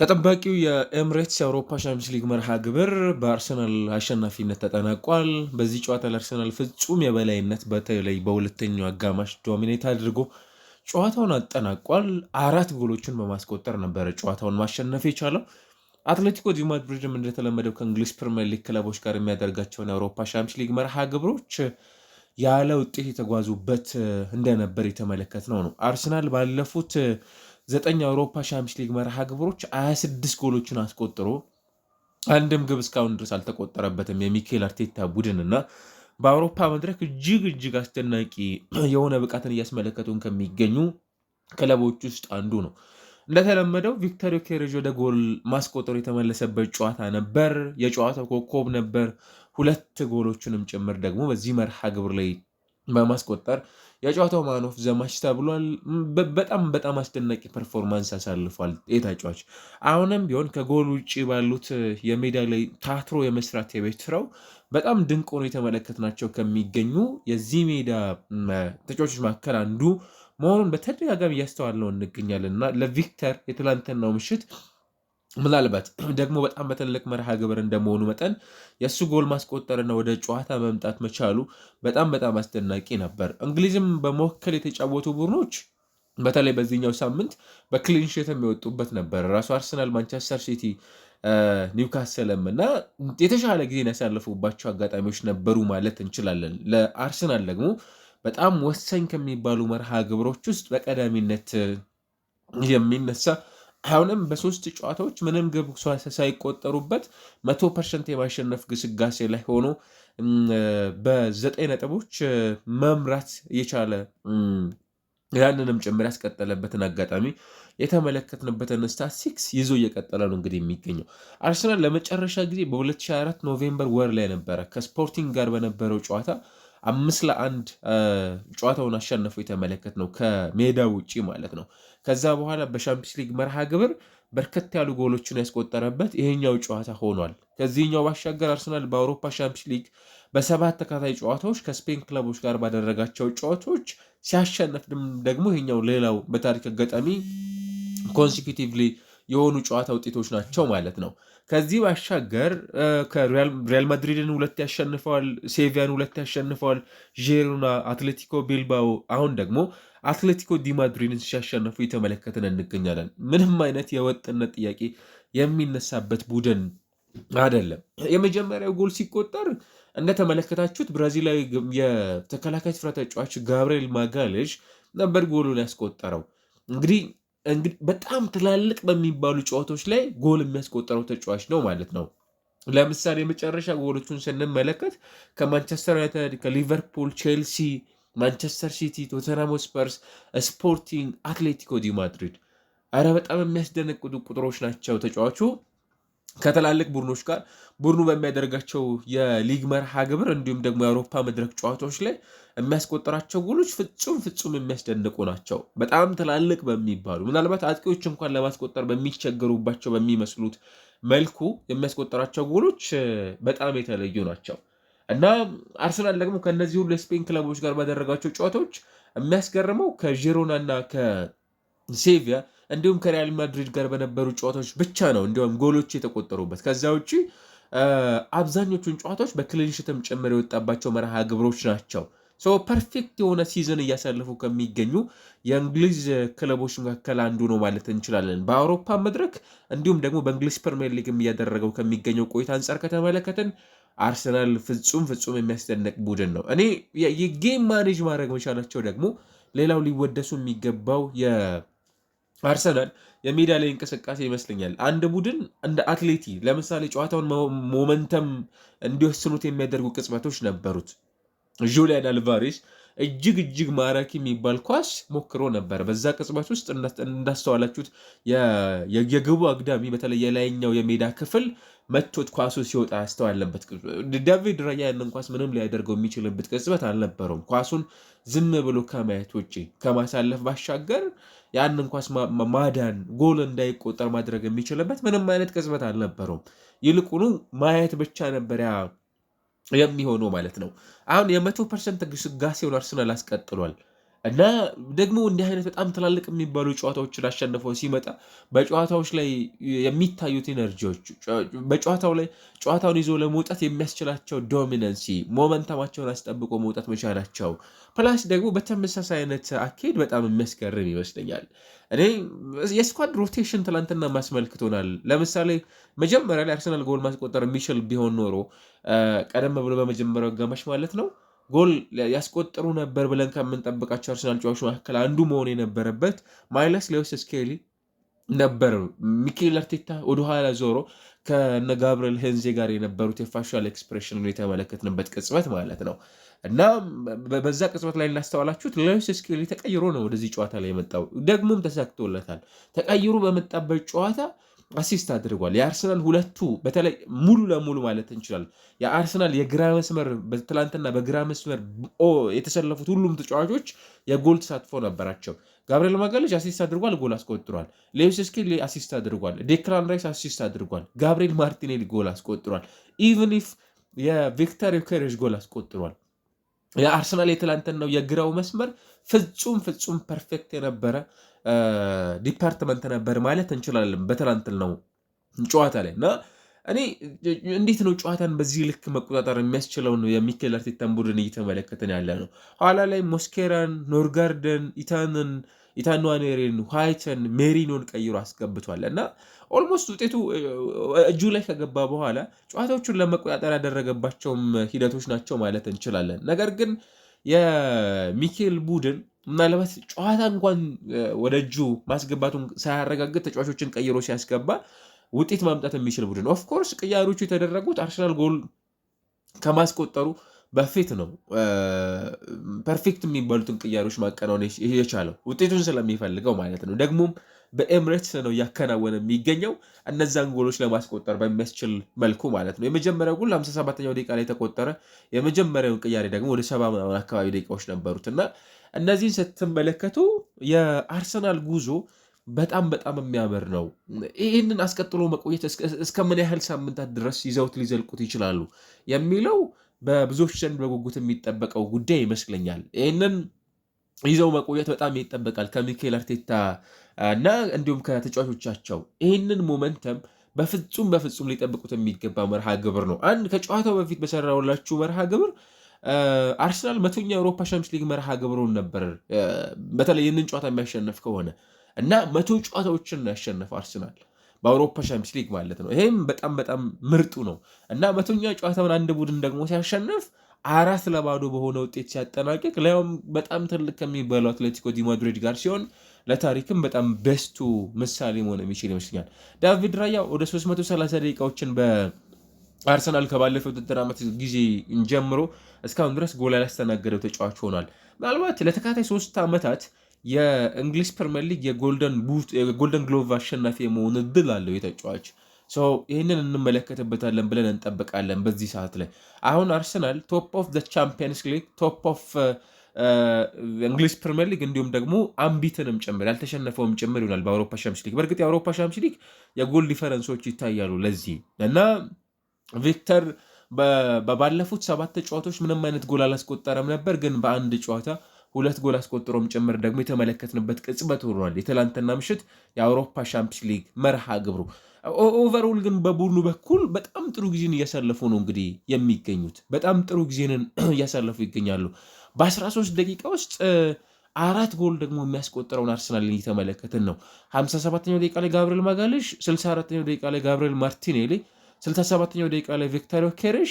ተጠባቂው የኤምሬትስ የአውሮፓ ሻምፒዮንስ ሊግ መርሃ ግብር በአርሰናል አሸናፊነት ተጠናቋል። በዚህ ጨዋታ ለአርሰናል ፍጹም የበላይነት በተለይ በሁለተኛው አጋማሽ ዶሚኔት አድርጎ ጨዋታውን አጠናቋል። አራት ጎሎችን በማስቆጠር ነበረ ጨዋታውን ማሸነፍ የቻለው። አትሌቲኮ ዲ ማድሪድም እንደተለመደው ከእንግሊዝ ፕሪምየር ሊግ ክለቦች ጋር የሚያደርጋቸውን የአውሮፓ ሻምፒዮንስ ሊግ መርሃ ግብሮች ያለ ውጤት የተጓዙበት እንደነበር ነው ነው። አርሰናል ባለፉት ዘጠኝ አውሮፓ ሻምፒዮንስ ሊግ መርሃ ግብሮች 26 ጎሎችን አስቆጥሮ አንድም ግብ እስካሁን ድረስ አልተቆጠረበትም የሚኬል አርቴታ ቡድን እና በአውሮፓ መድረክ እጅግ እጅግ አስደናቂ የሆነ ብቃትን እያስመለከቱን ከሚገኙ ክለቦች ውስጥ አንዱ ነው። እንደተለመደው ቪክተር ዮኬሬዥ ወደ ጎል ማስቆጠሩ የተመለሰበት ጨዋታ ነበር። የጨዋታው ኮከብ ነበር። ሁለት ጎሎችንም ጭምር ደግሞ በዚህ መርሃ ግብር ላይ በማስቆጠር የጨዋታው ማኖፍ ዘማች ተብሏል። በጣም በጣም አስደናቂ ፐርፎርማንስ አሳልፏል የተጫዋች። አሁንም ቢሆን ከጎል ውጭ ባሉት የሜዳ ላይ ታትሮ የመስራት የቤት ስራው በጣም ድንቅ ሆኖ የተመለከትናቸው ከሚገኙ የዚህ ሜዳ ተጫዋቾች መካከል አንዱ መሆኑን በተደጋጋሚ እያስተዋልነው እንገኛለን እና ለቪክተር የትላንትናው ምሽት ምናልባት ደግሞ በጣም በትልቅ መርሃ ግብር እንደመሆኑ መጠን የእሱ ጎል ማስቆጠርና ወደ ጨዋታ መምጣት መቻሉ በጣም በጣም አስደናቂ ነበር። እንግሊዝም በመወከል የተጫወቱ ቡድኖች በተለይ በዚህኛው ሳምንት በክሊንሽት የሚወጡበት ነበር። ራሱ አርሰናል፣ ማንቸስተር ሲቲ፣ ኒውካስልም እና የተሻለ ጊዜን ያሳለፉባቸው አጋጣሚዎች ነበሩ ማለት እንችላለን። ለአርሰናል ደግሞ በጣም ወሳኝ ከሚባሉ መርሃ ግብሮች ውስጥ በቀዳሚነት የሚነሳ አሁንም በሶስት ጨዋታዎች ምንም ግብ ሳይቆጠሩበት መቶ ፐርሰንት የማሸነፍ ግስጋሴ ላይ ሆኖ በዘጠኝ ነጥቦች መምራት የቻለ ያንንም ጭምር ያስቀጠለበትን አጋጣሚ የተመለከትንበትን ስታትስቲክስ ይዞ እየቀጠለ ነው እንግዲህ የሚገኘው። አርሰናል ለመጨረሻ ጊዜ በ2024 ኖቬምበር ወር ላይ ነበረ ከስፖርቲንግ ጋር በነበረው ጨዋታ አምስት ለአንድ ጨዋታውን አሸነፉ የተመለከት ነው ከሜዳ ውጪ ማለት ነው። ከዛ በኋላ በሻምፒዮንስ ሊግ መርሃ ግብር በርከት ያሉ ጎሎችን ያስቆጠረበት ይሄኛው ጨዋታ ሆኗል። ከዚህኛው ባሻገር አርሰናል በአውሮፓ ሻምፒዮንስ ሊግ በሰባት ተከታይ ጨዋታዎች ከስፔን ክለቦች ጋር ባደረጋቸው ጨዋታዎች ሲያሸነፍ ደግሞ ይሄኛው ሌላው በታሪክ አጋጣሚ ኮንሲኪቲቭሊ የሆኑ ጨዋታ ውጤቶች ናቸው ማለት ነው። ከዚህ ባሻገር ሪያል ማድሪድን ሁለት ያሸንፈዋል፣ ሴቪያን ሁለት ያሸንፈዋል፣ ዤሩና አትሌቲኮ ቢልባኦ አሁን ደግሞ አትሌቲኮ ዲ ማድሪድን ሲያሸንፉ የተመለከትን እንገኛለን። ምንም አይነት የወጥነት ጥያቄ የሚነሳበት ቡድን አይደለም። የመጀመሪያው ጎል ሲቆጠር እንደተመለከታችሁት ብራዚላዊ የተከላካይ ስፍራ ተጫዋች ጋብርኤል ማጋሌዥ ነበር ጎሉን ያስቆጠረው። እንግዲህ እንግዲህ በጣም ትላልቅ በሚባሉ ጨዋታዎች ላይ ጎል የሚያስቆጠረው ተጫዋች ነው ማለት ነው። ለምሳሌ የመጨረሻ ጎሎቹን ስንመለከት ከማንቸስተር ዩናይትድ፣ ከሊቨርፑል፣ ቼልሲ፣ ማንቸስተር ሲቲ፣ ቶተናም ስፐርስ፣ ስፖርቲንግ፣ አትሌቲኮ ዲ ማድሪድ አረ በጣም የሚያስደነቅጡ ቁጥሮች ናቸው ተጫዋቹ ከትላልቅ ቡድኖች ጋር ቡድኑ በሚያደርጋቸው የሊግ መርሃ ግብር እንዲሁም ደግሞ የአውሮፓ መድረክ ጨዋታዎች ላይ የሚያስቆጠራቸው ጎሎች ፍጹም ፍጹም የሚያስደንቁ ናቸው። በጣም ትላልቅ በሚባሉ ምናልባት አጥቂዎች እንኳን ለማስቆጠር በሚቸገሩባቸው በሚመስሉት መልኩ የሚያስቆጠራቸው ጎሎች በጣም የተለዩ ናቸው እና አርሰናል ደግሞ ከእነዚህ ሁሉ የስፔን ክለቦች ጋር ባደረጋቸው ጨዋታዎች የሚያስገርመው ከዢሮና እና ከሴቪያ እንዲሁም ከሪያል ማድሪድ ጋር በነበሩ ጨዋታዎች ብቻ ነው እንዲሁም ጎሎች የተቆጠሩበት። ከዚያ ውጭ አብዛኞቹን ጨዋታዎች በክሊንሽትም ጭምር የወጣባቸው መርሃ ግብሮች ናቸው። ፐርፌክት የሆነ ሲዝን እያሳለፉ ከሚገኙ የእንግሊዝ ክለቦች መካከል አንዱ ነው ማለት እንችላለን። በአውሮፓ መድረክ እንዲሁም ደግሞ በእንግሊዝ ፕሪሚየር ሊግም እያደረገው ከሚገኘው ቆይታ አንጻር ከተመለከትን አርሰናል ፍጹም ፍጹም የሚያስደንቅ ቡድን ነው። እኔ የጌም ማኔጅ ማድረግ መቻላቸው ደግሞ ሌላው ሊወደሱ የሚገባው አርሰናል የሜዳ ላይ እንቅስቃሴ ይመስለኛል አንድ ቡድን እንደ አትሌቲ ለምሳሌ ጨዋታውን ሞመንተም እንዲወስኑት የሚያደርጉ ቅጽበቶች ነበሩት። ጁሊያን አልቫሬስ እጅግ እጅግ ማራኪ የሚባል ኳስ ሞክሮ ነበር። በዛ ቅጽበት ውስጥ እንዳስተዋላችሁት የግቡ አግዳሚ በተለይ የላይኛው የሜዳ ክፍል መቶት ኳሱ ሲወጣ ያስተዋለበት ዳቪድ ራያ ያንን ኳስ ምንም ሊያደርገው የሚችልበት ቅጽበት አልነበረውም። ኳሱን ዝም ብሎ ከማየት ውጭ ከማሳለፍ ባሻገር ያንን ኳስ ማዳን ጎል እንዳይቆጠር ማድረግ የሚችልበት ምንም አይነት ቅጽበት አልነበረውም። ይልቁኑ ማየት ብቻ ነበር ያ የሚሆነው ማለት ነው። አሁን የመቶ ፐርሰንት ግስጋሴውን አርሰናል አስቀጥሏል። እና ደግሞ እንዲህ አይነት በጣም ትላልቅ የሚባሉ ጨዋታዎችን አሸንፈው ሲመጣ በጨዋታዎች ላይ የሚታዩት ኤነርጂዎች በጨዋታው ላይ ጨዋታውን ይዞ ለመውጣት የሚያስችላቸው ዶሚነንሲ ሞመንተማቸውን አስጠብቆ መውጣት መቻላቸው ፕላስ ደግሞ በተመሳሳይ አይነት አካሄድ በጣም የሚያስገርም ይመስለኛል። እኔ የስኳድ ሮቴሽን ትላንትና ማስመልክቶናል። ለምሳሌ መጀመሪያ ላይ አርሰናል ጎል ማስቆጠር የሚችል ቢሆን ኖሮ ቀደም ብሎ በመጀመሪያው አጋማሽ ማለት ነው ጎል ያስቆጥሩ ነበር ብለን ከምንጠብቃቸው አርሰናል ጨዋቾች መካከል አንዱ መሆን የነበረበት ማይለስ ሌዊስ ስኬሊ ነበር። ሚኬል አርቴታ ወደኋላ ዞሮ ከነ ጋብርኤል ሄንዜ ጋር የነበሩት የፋሻል ኤክስፕሬሽን የተመለከትንበት ቅጽበት ማለት ነው እና በዛ ቅጽበት ላይ እናስተዋላችሁት ሌዊስ ስኬሊ ተቀይሮ ነው ወደዚህ ጨዋታ ላይ የመጣው። ደግሞም ተሳክቶለታል። ተቀይሮ በመጣበት ጨዋታ አሲስት አድርጓል። የአርሰናል ሁለቱ በተለይ ሙሉ ለሙሉ ማለት እንችላለን የአርሰናል የግራ መስመር ትላንትና በግራ መስመር የተሰለፉት ሁሉም ተጫዋቾች የጎል ተሳትፎ ነበራቸው። ጋብርኤል ማጋለጅ አሲስት አድርጓል፣ ጎል አስቆጥሯል። ሌዊስ ስኬሊ አሲስት አድርጓል። ዴክላን ራይስ አሲስት አድርጓል። ጋብርኤል ማርቲኔሊ ጎል አስቆጥሯል። ኢቨን ኢፍ የቪክተር ዩኬሬሽ ጎል አስቆጥሯል። የአርሰናል ነው የግራው መስመር ፍጹም ፍጹም ፐርፌክት የነበረ ዲፓርትመንት ነበር ማለት እንችላለን ነው ጨዋታ ላይ እና እኔ እንዴት ነው ጨዋታን በዚህ ልክ መቆጣጠር የሚያስችለው ነው የሚኬል አርቴታን ቡድን እየተመለከትን ያለ ነው። ኋላ ላይ ሞስኬራን፣ ኖርጋርደን፣ ኢታንን ኢታንዋን ዋይትን ሜሪኖን ቀይሮ አስገብቷል እና ኦልሞስት ውጤቱ እጁ ላይ ከገባ በኋላ ጨዋታዎቹን ለመቆጣጠር ያደረገባቸውም ሂደቶች ናቸው ማለት እንችላለን። ነገር ግን የሚኬል ቡድን ምናልባት ጨዋታ እንኳን ወደ እጁ ማስገባቱን ሳያረጋግጥ ተጫዋቾችን ቀይሮ ሲያስገባ ውጤት ማምጣት የሚችል ቡድን ኦፍኮርስ ቅያሮቹ የተደረጉት አርሰናል ጎል ከማስቆጠሩ በፊት ነው ፐርፌክት የሚባሉትን ቅያሮች ማከናወን የቻለው ውጤቱን ስለሚፈልገው ማለት ነው። ደግሞም በኤምሬትስ ነው እያከናወነ የሚገኘው እነዛን ጎሎች ለማስቆጠር በሚያስችል መልኩ ማለት ነው። የመጀመሪያው ጎል 57ኛው ደቂቃ ላይ የተቆጠረ የመጀመሪያውን ቅያሬ ደግሞ ወደ ሰባ ምናምን አካባቢ ደቂቃዎች ነበሩት እና እነዚህን ስትመለከቱ የአርሰናል ጉዞ በጣም በጣም የሚያምር ነው። ይህንን አስቀጥሎ መቆየት እስከምን ያህል ሳምንታት ድረስ ይዘውት ሊዘልቁት ይችላሉ የሚለው በብዙዎች ዘንድ በጉጉት የሚጠበቀው ጉዳይ ይመስለኛል። ይህንን ይዘው መቆየት በጣም ይጠበቃል ከሚካኤል አርቴታ እና እንዲሁም ከተጫዋቾቻቸው። ይህንን ሞመንተም በፍጹም በፍጹም ሊጠብቁት የሚገባ መርሃ ግብር ነው። አንድ ከጨዋታው በፊት በሰራውላችሁ መርሃ ግብር አርሰናል መቶኛ የአውሮፓ ሻምፒዮንስ ሊግ መርሃ ግብሩን ነበር። በተለይ ይህንን ጨዋታ የሚያሸነፍ ከሆነ እና መቶ ጨዋታዎችን ያሸነፈ አርሰናል በአውሮፓ ሻምፒዮንስ ሊግ ማለት ነው። ይሄም በጣም በጣም ምርጡ ነው እና መቶኛ ጨዋታውን አንድ ቡድን ደግሞ ሲያሸንፍ አራት ለባዶ በሆነ ውጤት ሲያጠናቅቅ ላይም በጣም ትልቅ ከሚባለው አትሌቲኮ ዲ ማድሪድ ጋር ሲሆን ለታሪክም በጣም በስቱ ምሳሌ መሆን የሚችል ይመስለኛል። ዳቪድ ራያ ወደ 330 ደቂቃዎችን በአርሰናል ከባለፈው ውድድር ዓመት ጊዜ ጀምሮ እስካሁን ድረስ ጎል ያላስተናገደው ተጫዋች ሆኗል። ምናልባት ለተካታይ ሶስት ዓመታት የእንግሊዝ ፕሪምየር ሊግ የጎልደን ግሎቭ አሸናፊ የመሆን እድል አለው የተጫዋች ይህንን እንመለከትበታለን ብለን እንጠብቃለን። በዚህ ሰዓት ላይ አሁን አርሰናል ቶፕ ኦፍ ዘ ቻምፒየንስ ሊግ ቶፕ ኦፍ እንግሊዝ ፕሪምየር ሊግ እንዲሁም ደግሞ አንቢትንም ጭምር ያልተሸነፈውም ጭምር ይሆናል በአውሮፓ ሻምስ ሊግ። በእርግጥ የአውሮፓ ሻምስ ሊግ የጎል ዲፈረንሶች ይታያሉ ለዚህ እና ቪክተር ባለፉት ሰባት ጨዋታዎች ምንም አይነት ጎል አላስቆጠረም ነበር ግን በአንድ ጨዋታ ሁለት ጎል አስቆጥሮም ጭምር ደግሞ የተመለከትንበት ቅጽበት ሆኗል። የትላንትና ምሽት የአውሮፓ ሻምፒዮንስ ሊግ መርሃ ግብሩ ኦቨርኦል ግን በቡድኑ በኩል በጣም ጥሩ ጊዜን እያሳለፉ ነው እንግዲህ የሚገኙት በጣም ጥሩ ጊዜንን እያሳለፉ ይገኛሉ። በ13 ደቂቃ ውስጥ አራት ጎል ደግሞ የሚያስቆጥረውን አርሰናል እየተመለከትን ነው። 57ኛው ደቂቃ ላይ ጋብርኤል ማጋልሽ 64 64ኛው ደቂቃ ላይ ጋብርኤል ማርቲኔሊ፣ 67ኛው ደቂቃ ላይ ቪክቶሪያ ኬሬሽ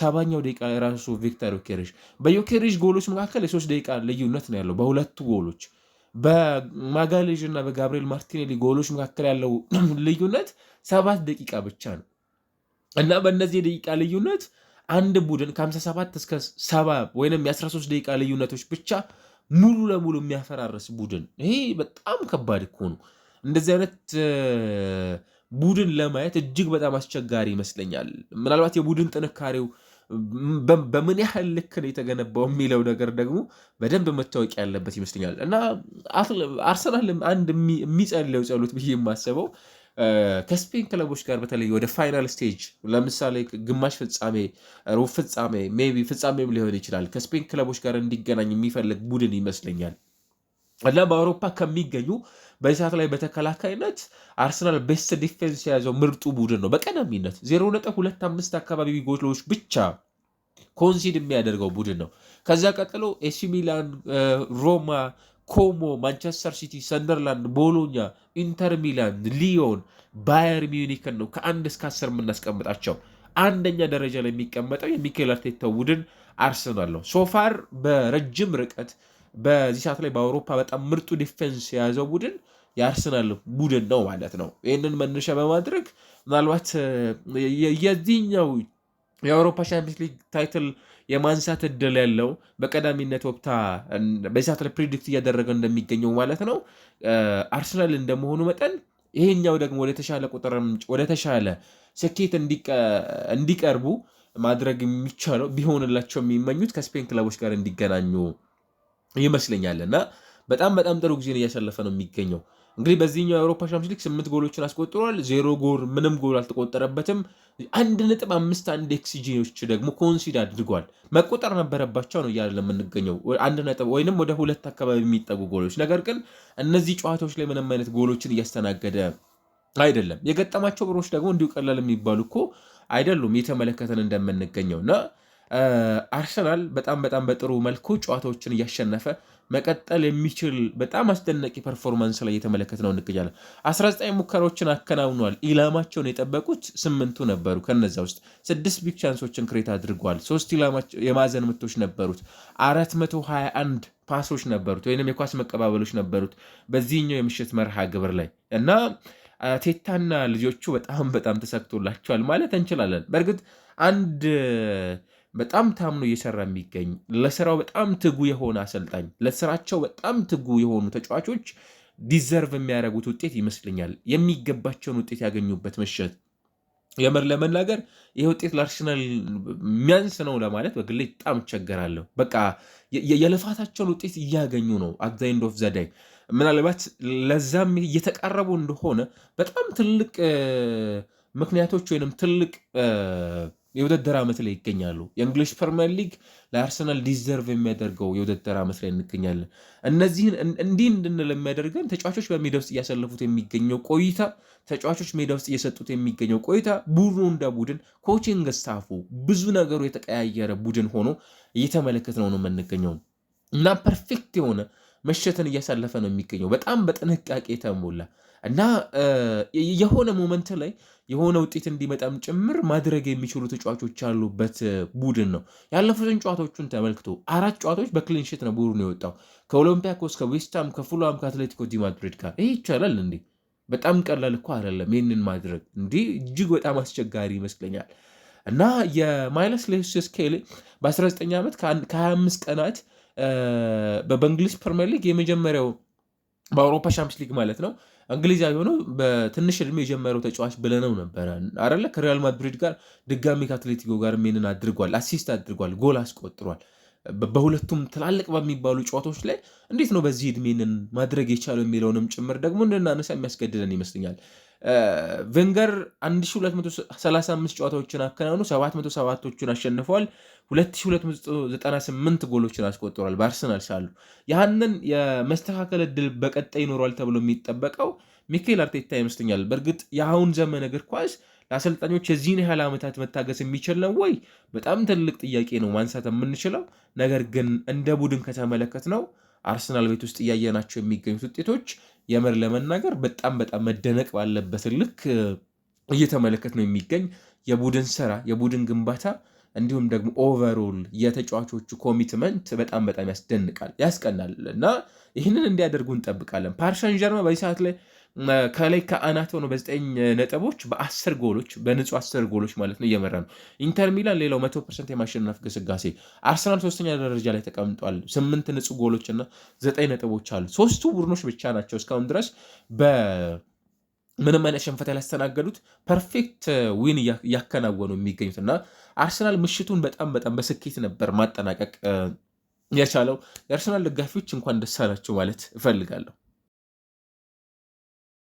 ሰባኛው ደቂቃ የራሱ ቪክተር ዮኬሬሽ በዮኬሬሽ ጎሎች መካከል የሶስት ደቂቃ ልዩነት ነው ያለው በሁለቱ ጎሎች በማጋሌዥ እና በጋብሪኤል ማርቲኔሊ ጎሎች መካከል ያለው ልዩነት ሰባት ደቂቃ ብቻ ነው እና በእነዚህ የደቂቃ ልዩነት አንድ ቡድን ከ57 እስከ ሰባ ወይም የ13 ደቂቃ ልዩነቶች ብቻ ሙሉ ለሙሉ የሚያፈራርስ ቡድን ይሄ በጣም ከባድ እኮ ነው። እንደዚህ አይነት ቡድን ለማየት እጅግ በጣም አስቸጋሪ ይመስለኛል። ምናልባት የቡድን ጥንካሬው በምን ያህል ልክ ነው የተገነባው የሚለው ነገር ደግሞ በደንብ መታወቂያ ያለበት ይመስለኛል እና አርሰናል አንድ የሚጸልየው ጸሎት ብዬ የማስበው ከስፔን ክለቦች ጋር በተለይ ወደ ፋይናል ስቴጅ ለምሳሌ ግማሽ ፍጻሜ፣ ሩብ ፍጻሜ፣ ሜይ ቢ ፍጻሜም ሊሆን ይችላል ከስፔን ክለቦች ጋር እንዲገናኝ የሚፈልግ ቡድን ይመስለኛል እና በአውሮፓ ከሚገኙ በዚህ ላይ በተከላካይነት አርሰናል ቤስት ዲፌንስ የያዘው ምርጡ ቡድን ነው። በቀዳሚነት 0.25 አካባቢ ጎሎች ብቻ ኮንሲድ የሚያደርገው ቡድን ነው። ከዚያ ቀጥሎ ኤሲ ሚላን፣ ሮማ፣ ኮሞ፣ ማንቸስተር ሲቲ፣ ሰንደርላንድ፣ ቦሎኛ፣ ኢንተር ሚላን፣ ሊዮን፣ ባየር ሚዩኒክን ነው ከአንድ እስከ አስር የምናስቀምጣቸው። አንደኛ ደረጃ ላይ የሚቀመጠው የሚኬል አርቴታው ቡድን አርሰናል ነው። ሶፋር በረጅም ርቀት በዚህ ሰዓት ላይ በአውሮፓ በጣም ምርጡ ዲፌንስ የያዘው ቡድን የአርሰናል ቡድን ነው ማለት ነው። ይህንን መነሻ በማድረግ ምናልባት የዚህኛው የአውሮፓ ቻምፒየንስ ሊግ ታይትል የማንሳት እድል ያለው በቀዳሚነት ወቅታ በዚህ ሰዓት ላይ ፕሪዲክት እያደረገ እንደሚገኘው ማለት ነው አርሰናል እንደመሆኑ መጠን ይሄኛው ደግሞ ወደተሻለ ቁጥር ወደተሻለ ስኬት እንዲቀርቡ ማድረግ የሚቻለው ቢሆንላቸው የሚመኙት ከስፔን ክለቦች ጋር እንዲገናኙ ይመስለኛል እና በጣም በጣም ጥሩ ጊዜን እያሳለፈ ነው የሚገኘው። እንግዲህ በዚህኛው የአውሮፓ ሻምፒዮንስ ሊግ ስምንት ጎሎችን አስቆጥሯል። ዜሮ ጎል ምንም ጎል አልተቆጠረበትም። አንድ ነጥብ አምስት አንድ ኤክስጂዎች ደግሞ ኮንሲድ አድርጓል። መቆጠር ነበረባቸው ነው እያለ የምንገኘው አንድ ነጥብ ወይንም ወደ ሁለት አካባቢ የሚጠጉ ጎሎች። ነገር ግን እነዚህ ጨዋታዎች ላይ ምንም አይነት ጎሎችን እያስተናገደ አይደለም። የገጠማቸው ብሮች ደግሞ እንዲሁ ቀላል የሚባሉ እኮ አይደሉም የተመለከተን እንደምንገኘው እና አርሰናል በጣም በጣም በጥሩ መልኩ ጨዋታዎችን እያሸነፈ መቀጠል የሚችል በጣም አስደናቂ ፐርፎርማንስ ላይ እየተመለከት ነው እንገኛለን። 19 ሙከራዎችን አከናውኗል። ኢላማቸውን የጠበቁት ስምንቱ ነበሩ። ከነዚ ውስጥ ስድስት ቢግ ቻንሶችን ክሬት አድርጓል። ሶስት የማዕዘን ምቶች ነበሩት። 421 ፓሶች ነበሩት ወይም የኳስ መቀባበሎች ነበሩት በዚህኛው የምሽት መርሃ ግብር ላይ እና ቴታና ልጆቹ በጣም በጣም ተሰክቶላቸዋል ማለት እንችላለን። በእርግጥ አንድ በጣም ታምኖ እየሰራ የሚገኝ ለስራው በጣም ትጉ የሆነ አሰልጣኝ፣ ለስራቸው በጣም ትጉ የሆኑ ተጫዋቾች ዲዘርቭ የሚያደርጉት ውጤት ይመስለኛል። የሚገባቸውን ውጤት ያገኙበት ምሽት የምር ለመናገር ይህ ውጤት ለአርሰናል የሚያንስ ነው ለማለት በግሌ በጣም እቸገራለሁ። በቃ የልፋታቸውን ውጤት እያገኙ ነው። አግዛይንድ ኦፍ ዘዳይ ምናልባት ለዛም እየተቃረቡ እንደሆነ በጣም ትልቅ ምክንያቶች ወይንም ትልቅ የውድድር ዓመት ላይ ይገኛሉ። የእንግሊሽ ፕሪሚየር ሊግ ለአርሰናል ዲዘርቭ የሚያደርገው የውድድር ዓመት ላይ እንገኛለን። እነዚህን እንዲህ እንድንል የሚያደርገን ተጫዋቾች በሜዳ ውስጥ እያሳለፉት የሚገኘው ቆይታ፣ ተጫዋቾች ሜዳ ውስጥ እየሰጡት የሚገኘው ቆይታ፣ ቡድኑ እንደ ቡድን ኮቺንግ ስታፉ ብዙ ነገሩ የተቀያየረ ቡድን ሆኖ እየተመለከት ነው ነው የምንገኘው እና ፐርፌክት የሆነ መሸትን እያሳለፈ ነው የሚገኘው። በጣም በጥንቃቄ የተሞላ እና የሆነ ሞመንት ላይ የሆነ ውጤት እንዲመጣም ጭምር ማድረግ የሚችሉ ተጫዋቾች ያሉበት ቡድን ነው። ያለፉትን ጨዋታዎቹን ተመልክቶ አራት ጨዋታዎች በክሊንሽት ነው ቡድኑ የወጣው ከኦሎምፒያኮስ፣ ከዌስትሃም፣ ከፉልሃም፣ ከአትሌቲኮ ዲ ማድሪድ ጋር። ይህ ይቻላል እንዴ? በጣም ቀላል እኮ አይደለም። ይህንን ማድረግ እንዲህ እጅግ በጣም አስቸጋሪ ይመስለኛል እና የማይለስ ሌዊስ ስኬሊ በ19 ዓመት ከ25 ቀናት በእንግሊዝ ፕሪሚየር ሊግ የመጀመሪያው በአውሮፓ ሻምፒዮንስ ሊግ ማለት ነው እንግሊዛዊ ሆኖ በትንሽ እድሜ የጀመረው ተጫዋች ብለነው ነበረ አደለ? ከሪያል ማድሪድ ጋር ድጋሚ ከአትሌቲኮ ጋር ሜንን አድርጓል፣ አሲስት አድርጓል፣ ጎል አስቆጥሯል። በሁለቱም ትላልቅ በሚባሉ ጨዋታዎች ላይ እንዴት ነው በዚህ እድሜንን ማድረግ የቻለው የሚለውንም ጭምር ደግሞ እንድናነሳ የሚያስገድደን ይመስለኛል። ቬንገር 1235 ጨዋታዎችን አከናውኑ 707ቶቹን አሸንፈዋል። 2298 ጎሎችን አስቆጥሯል በአርሰናል ሳሉ። ያህንን የመስተካከል እድል በቀጣይ ይኖሯል ተብሎ የሚጠበቀው ሚካኤል አርቴታ ይመስለኛል። በእርግጥ የአሁን ዘመን እግር ኳስ ለአሰልጣኞች የዚህን ያህል ዓመታት መታገስ የሚችል ነው ወይ? በጣም ትልቅ ጥያቄ ነው ማንሳት የምንችለው። ነገር ግን እንደ ቡድን ከተመለከት ነው አርሰናል ቤት ውስጥ እያየናቸው የሚገኙት ውጤቶች የምር ለመናገር በጣም በጣም መደነቅ ባለበት ልክ እየተመለከት ነው የሚገኝ የቡድን ስራ፣ የቡድን ግንባታ እንዲሁም ደግሞ ኦቨሮል የተጫዋቾቹ ኮሚትመንት በጣም በጣም ያስደንቃል፣ ያስቀናል እና ይህንን እንዲያደርጉ እንጠብቃለን። ፓርሻን ጀርማ በዚህ ሰዓት ላይ ከላይ ከአናት ሆኖ በዘጠኝ ነጥቦች በአስር ጎሎች በንጹ አስር ጎሎች ማለት ነው እየመራ ነው ኢንተር ሚላን። ሌላው መቶ ፐርሰንት የማሸነፍ ግስጋሴ አርሰናል ሶስተኛ ደረጃ ላይ ተቀምጧል። ስምንት ንጹ ጎሎች እና ዘጠኝ ነጥቦች አሉ። ሶስቱ ቡድኖች ብቻ ናቸው እስካሁን ድረስ በምንም አይነት ሸንፈት ያላስተናገዱት ፐርፌክት ዊን እያከናወኑ የሚገኙት እና አርሰናል ምሽቱን በጣም በጣም በስኬት ነበር ማጠናቀቅ የቻለው። የአርሰናል ደጋፊዎች እንኳን ደስ አላችሁ ማለት እፈልጋለሁ።